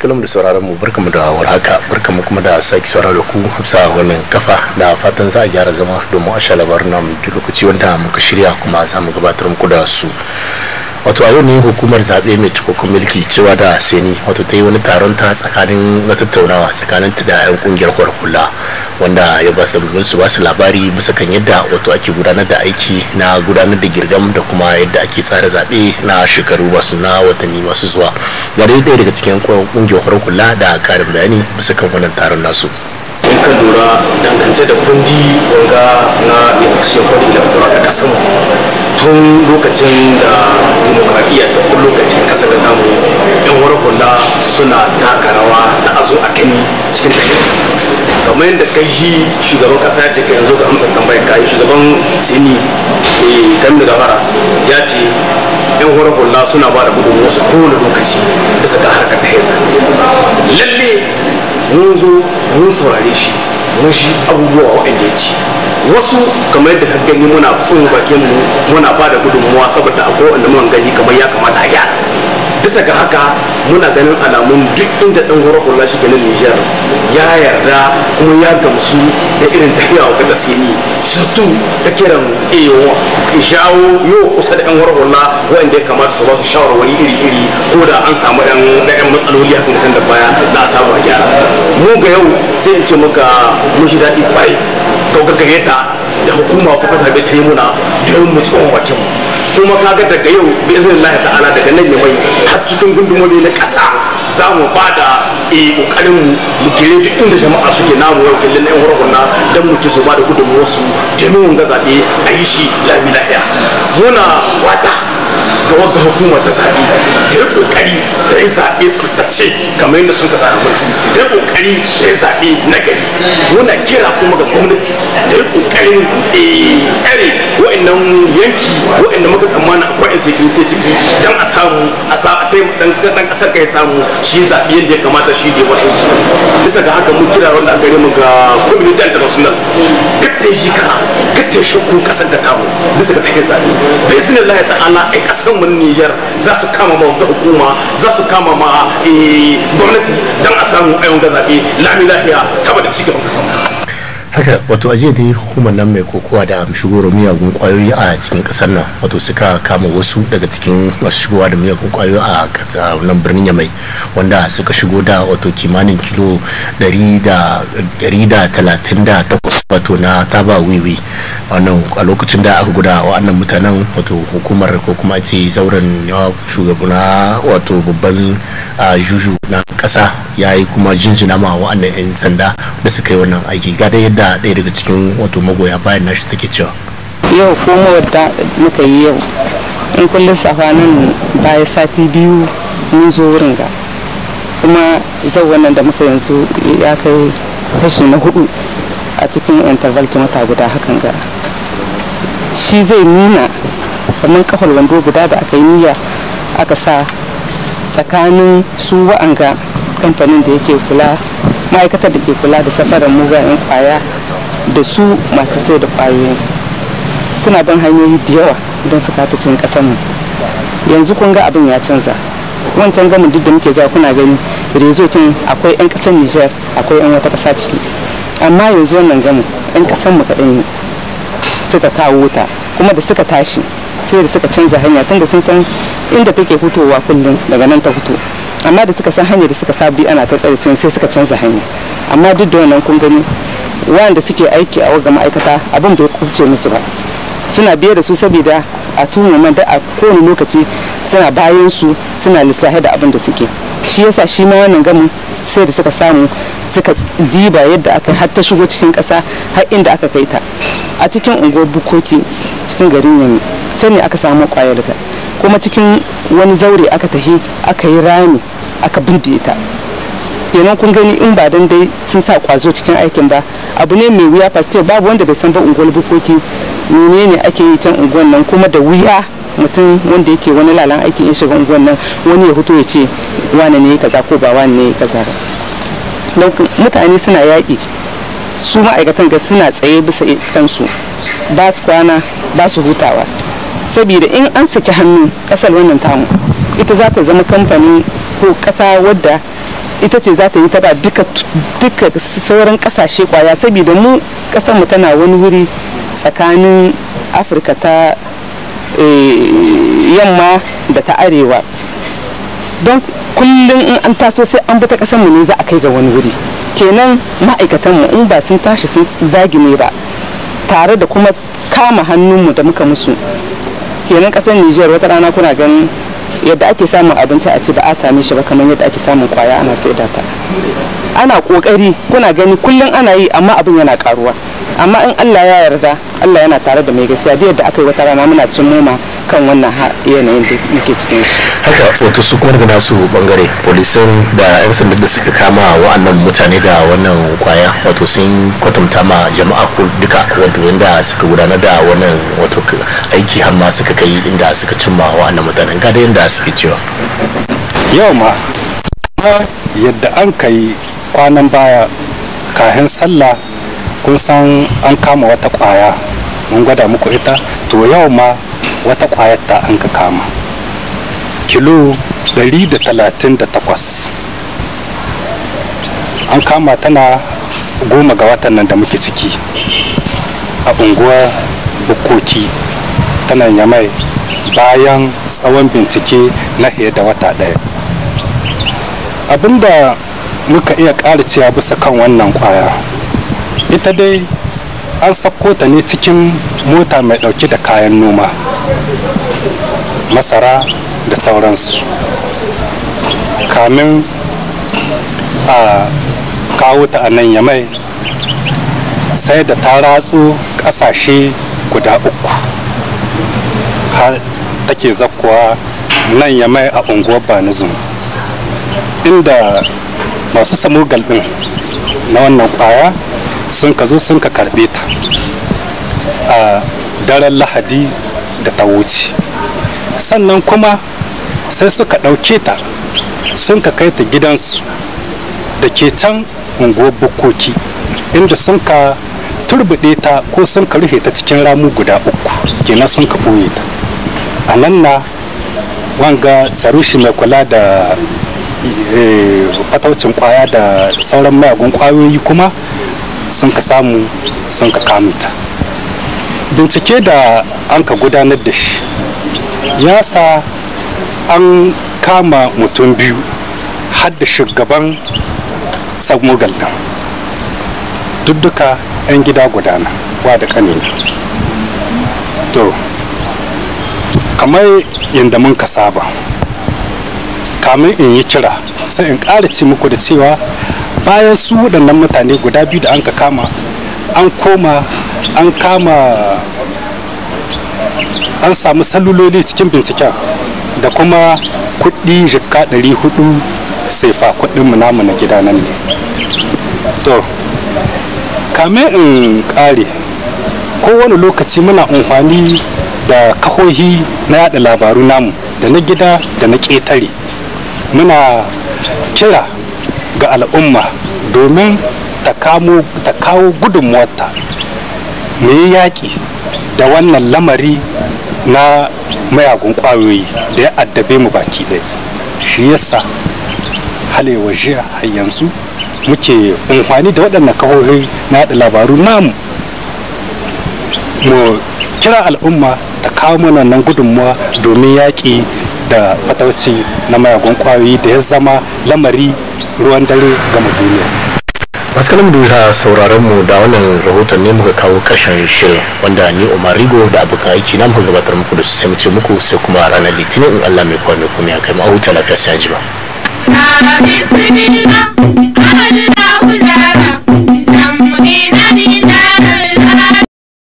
kalam da sauraron mu barkamu da warhaka barkamu kuma da sake da ku hafsa wannan kafa da fatan za a gyara zama domin a sha labarin namun duk lokaci wanda muka shirya kuma za mu gabatar muku da su wato a yau ne hukumar zaɓe mai cikakkun mulki cewa da seni wato ta yi wani taron ta tsakanin na tattaunawa tsakanin ta da yan kungiyar kwarkula wanda ya ba su su ba su labari bisa kan yadda wato ake gudanar da aiki na gudanar da girgam da kuma yadda ake tsara zaɓe na shekaru masu na watanni masu zuwa ga dai daga cikin kungiyar kwarkula da karin bayani bisa kan wannan taron nasu. kan lura dangance da kundi wanga na election kwadi electoral da kasan tun lokacin da demokradiyya ta kun lokacin kasa da tamu yan warakunda suna taka rawa da azo a kani cikin da kamar yadda kai shi shugaban kasa ya ce ka yanzu ga amsa tambayar kayi shugaban sini kan da fara ya ce yan warakunda suna ba da gudunmu su kowane lokaci bisa ga harkar ta lalle mun zo mun saurare shi mun shi abubuwa waɗanda ya ci wasu kamar yadda gani muna tsohon bakin mu muna ba da gudunmuwa saboda akwai wanda man gani kamar ya kamata a gyara bisa ga haka muna ganin alamun duk inda dan gwara kula shi ganin nijar ya yarda kuma ya gamsu da irin tafiya wa kada sini surtu ta kiran ewa shawo yo kusa da yan gwara kula wanda ya kamata su ba su shawarwari iri iri ko da an samu yan yan matsaloli hakan can da baya da samu a gyara mu ga yau sai in ce muka mun shi daɗi kwarai ga gareta da hukuma kuka zaɓe ta yi muna don mu tsohon bakin kuma kaga daga yau bi izinin Allah ta'ala daga nan ne mai har cikin gundumomi na kasa za mu ba da eh, ƙoƙarin mu gire duk inda jama'a suke namu yau kallon na yan warhunna don mu ci su ba da wasu domin wanga zaɓe a yi shi lami lahiya muna fata wata hukuma ta zaɓi ta yi ƙoƙari ta yi zaɓe tsaftace kamar yadda sun ka zaɓi mulki ta yi ƙoƙari ta yi zaɓe na gari muna kira kuma ga gwamnati ta yi ƙoƙarin eh, tsare wa'annan yanki wa'anda muka tsammana akwai insecurity ciki dan a samu a sa a taimaka dan kasar kai samu shi zaɓi yadda ya kamata shi da wa'in su bisa ga haka mun kira wanda aka mu ga community international gattai shi ka shi ku kasar da kamu bisa ga take zaɓi bismillah ta'ala ai kasar mun Niger za su kama ma wanda hukuma za su kama ma eh, gwamnati dan a samu ayon ga zaɓe lami saboda cigaban kasar haka wato aje da hukumar nan mai kokowa da shigowar miyagun kwayoyi a cikin kasar nan wato suka kama wasu daga cikin masu shigowa da miyagun kwayoyi a nan birnin yamai wanda suka shigo da wato kimanin kilo 138 wato na taba wiwi wannan a lokacin da aka guda wa'annan mutanen wato hukumar ko kuma ce zauren shugabana wato babban juju na kasa ya yi kuma jinjina ma wa'annan 'yan sanda da suka yi wannan aiki gada yadda da ɗaya daga cikin wato magoya bayan nashi suke cewa yau ko mawadda muka yi yau in kullum safanin baya sati biyu mun zo wurin ga kuma zau wannan da muka yanzu ya kai kashi na hudu a cikin interval mata guda hakan ga shi zai nuna kamar kafar wando guda da aka yi niyya aka sa tsakanin su wa'anga kamfanin da yake kula ma'aikatar da ke kula da safarar mugayen kwaya da su masu sai da kwayoyi suna bin hanyoyi da yawa don su kata cin ƙasar mu yanzu kun ga abin ya canza wancan gamin duk da muke zuwa kuna gani rezokin akwai 'yan ƙasar nijar akwai 'yan wata ƙasa ciki amma yanzu wannan gamu 'yan ƙasar mu kaɗai ne suka kawo ta kuma da suka tashi sai da suka canza hanya tunda sun san inda take fitowa kullum daga nan ta fito amma da suka san hanyar da suka sabi ana ta tsare sun sai suka canza hanya amma duk da wannan kun gani wanda suke aiki a waga ma'aikata abin bai kuce musu ba suna biye da su saboda a tuhumar man da a kowane lokaci suna bayan su suna lissafi da abin da suke shi yasa shi ma wannan gamu sai da suka samu suka diba yadda aka har ta shigo cikin kasa har inda aka kai ta a cikin unguwar bukoki cikin garin yami can ne aka samu kwayar kuma cikin wani zaure aka tahi aka yi rami aka bindiye ta kenan kun gani in ba dan dai sun sa kwazo cikin aikin ba abu ne mai wuya fasike babu wanda bai san ba unguwar bukoki menene ake yi can unguwar nan kuma da wuya mutum wanda yake wani lalan aikin ya shiga unguwar nan wani ya fito ya ce wane ne kaza ko ba wane ne kaza ba mutane suna yaƙi su ma'aikatan ga suna tsaye bisa kansu ba su kwana ba su hutawa saboda in an saki hannu kasar wannan tamu ita za ta zama kamfani ko kasa wadda ita ce za ta yi taba duka duka sauran kasashe kwaya saboda mu kasar mu tana wani wuri tsakanin afirka ta eh, yamma da ta arewa don kullum in an taso sai an bi ta kasar mu ne za a kai ga wani wuri kenan ma'aikatan mu in ba sun tashi sun zagi ne ba tare da kuma kama hannunmu da muka musu kenan kasar Nijar wata rana kuna ganin yadda ake samun abinci a ci ba a same shi ba kamar yadda ake samun kwaya ana saida ta ana kokari kuna gani kullum ana yi amma abin yana karuwa amma in Allah ya yarda Allah yana tare da mai gaskiya da yadda aka yi wata rana muna cin noma kan wannan yanayin da muke cikin shi haka wato su kuma gana su bangare polisin da yan sanda da suka kama wa'annan mutane da wannan kwaya wato sun kwatanta ma jama'a ko duka wato inda suka gudanar da wannan wato aiki har ma suka kai inda suka cimma wa'annan mutanen ga da yadda suke cewa yau ma yadda an kai kwanan baya kahin sallah kun san an kama wata kwaya mun gwada muku ita to yau ma wata kwayar ta an ka kama kilo 138 an kama tana goma ga watan nan da muke ciki a unguwar bukoki tana yamai bayan tsawon bincike na fiye da wata ɗaya abinda muka iya ƙara cewa bisa kan wannan kwaya ita dai an sabko ta ne cikin mota mai ɗauke da kayan noma masara da sauransu kamin a kawo ta a nan yamai sai da ta ratsu ƙasashe guda uku har take zakkuwa nan yamai a unguwar banizum inda masu samu galbin na wannan kwaya sun ka zo sun ka karbe ta a daren lahadi da ta wuce sannan kuma sai suka ɗauke ta sun ka kai ta gidansu da ke can unguwar bukkoki inda sun ka turbide ta ko sun ka rufe ta cikin ramu guda uku kenan sun ka ɓoye ta a nan na wanga sarushi mai kula da eh, fataucin kwaya da sauran mayagun kwayoyi kuma sun ka samu sun ka kamuta bincike da an ka gudanar da shi ya sa an kama mutum biyu har da shugaban tsamugal nan duk duka 'yan gida gudana wa da kanina to kamar yadda mun ka saba kamar in yi kira sai in ƙara ci muku da cewa bayan su waɗannan mutane guda biyu da an ka kama an koma an kama an samu saluloli cikin binciken da kuma kuɗi jikka 400 fa kuɗin namu na gida nan ne to kame in ƙare kowane lokaci muna amfani da kahohi na yada labaru namu da na gida da na ƙetare muna kira ga al'umma domin ta kawo gudunmuwarta mai yi yaƙi da wannan lamari na mayagun ƙwayoyi da ya addabe mu baki ɗaya shi yasa halewa jiya har yanzu muke amfani da waɗannan kawai na yaɗa labaru namu mu kira al'umma ta kawo mana nan gudunmuwa domin yaƙi da fatauci na mayagun ƙwayoyi da ya zama lamari ruwan dare gama duniya masu dusa sauraron mu da wannan rahoton ne muka kawo karshen shirin wanda ni umar rigo da abokan aiki na muka gabatar muku da su sai muku sai kuma ranar litinin in allah mai kwano kuma ya kai ma'auta lafiya sai jima.